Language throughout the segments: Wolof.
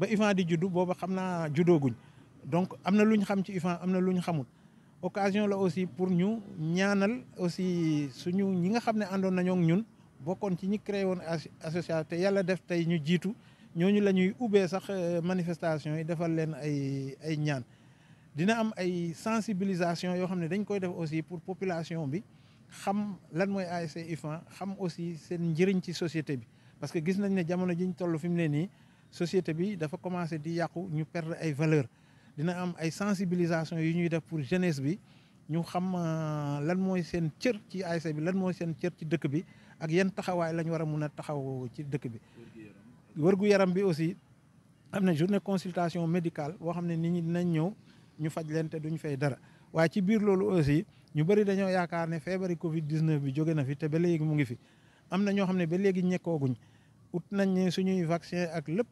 ba Ivan di juddu booba xam naa guñ donc am na lu ñu xam ci Ivan am na lu ñu xamul occasion la aussi pour ñu ñaanal aussi suñu ñi nga xam ne àndoon nañoo ak ñun bokkoon ci ñi créé woon association te yàlla def tey ñu jiitu ñooñu la ñuy ubbee sax euh, manifestation yi defal leen ay ay ñaan dina am ay sensibilisation yoo xam ne dañ koy def aussi pour population bi xam lan mooy ASC IFAN xam aussi seen njëriñ ci société bi parce que gis nañ ne jamono jiñ toll fi mu ne nii société bi dafa commencé di yàqu ñu perdre ay valeur dina am ay sensibilisation yu ñuy def pour jeunesse bi ñu xam euh, lan moy sen cër ci ASC bi lan mooy seen cër ci dëkk bi ak yeen taxaway la wara mëna taxaw ci dëkk bi wërgu-yaram bi aussi amna journée consultation médicale boo xamné ne nit ñi dinañ ñëw ñu faj leen te duñ fay dara waaye ci biir loolu aussi ñu bari dañoo yaakaar ne feebari covid 19 bi jóge na fi te ba léegi mu ngi fi am na ñoo xam ne ba léegi ñekkooguñ ut nañ ne suñuy vaccin ak lépp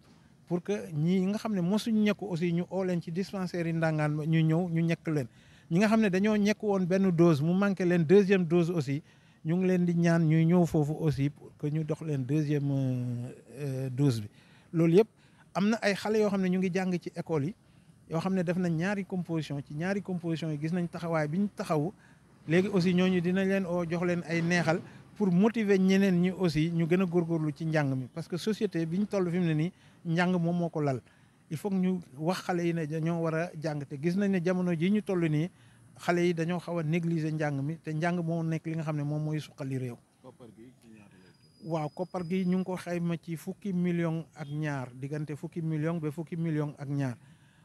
pour que ñi nga xam ne mosuñu ñekku aussi ñu oo leen ci dispensaire yi ndàngaan ñu ñëw ñu ñekk leen ñi nga xam ne dañoo ñekk woon benn dose mu manqué leen deuxième dose aussi ñu ngi leen di ñaan ñuy ñëw foofu aussi pour que ñu dox leen deuxième euh, dose bi loolu yëpp am na ay xale yoo xam ne ñu ngi jàng ci école yi yoo xam ne def nañ ñaari composition ci ñaari composition yi gis nañ taxawaay bi ñu taxawu léegi aussi ñooñu dinañ leen o jox leen ay neexal pour motiver ñeneen ñi aussi ñu gën a góorgóorlu ci njàng mi parce que société bi ñu toll fi ne nii njàng moom moo ko lal il faut ñu wax xale yi ne dañoo war a jàng te gis nañ ne jamono ji ñu toll nii xale yi dañoo xaw a négliger njàng mi te njàng moo nekk li nga xam ne moom mooy suqali réew. waaw koppar gi ñu ngi ko xayma ci fukki million ak ñaar diggante fukki million ba fukki million ak ñaar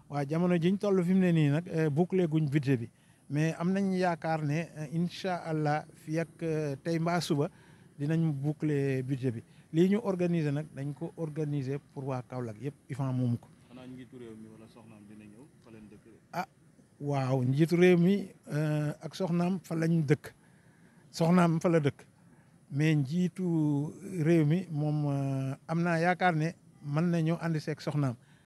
waaw jamono ji toll fi mu ne nii nag eh, boucler guñ budget bi. mais am nañ yaakaar ne euh, incha allah fii ak euh, tey mbaa suba dinañ boucler budget bi lii ñu organiser nag dañ ko organiser pour waa Kaolack yëpp IFAN moomu ko. xanaa njiitu réew mi wala soxnaam dina ñëw fa leen dëkk. ah waaw njiitu réew mi euh, ak soxnaam fa lañ dëkk soxnaam fa la dëkk mais njiitu réew mi moom am naa yaakaar ne mën nañoo ànd seeg soxnaam.